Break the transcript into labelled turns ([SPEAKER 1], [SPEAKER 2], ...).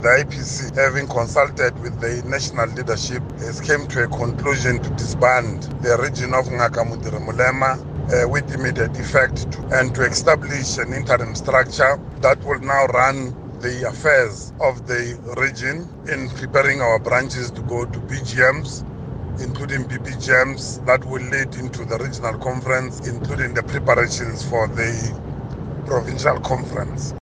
[SPEAKER 1] The IPC, having consulted with the national leadership, has come to a conclusion to disband the region of Ngakamudire Mulema uh, with immediate effect to, and to establish an interim structure that will now run the affairs of the region in preparing our branches to go to BGMs, including BBGMs that will lead into the regional conference, including the preparations for the
[SPEAKER 2] provincial conference.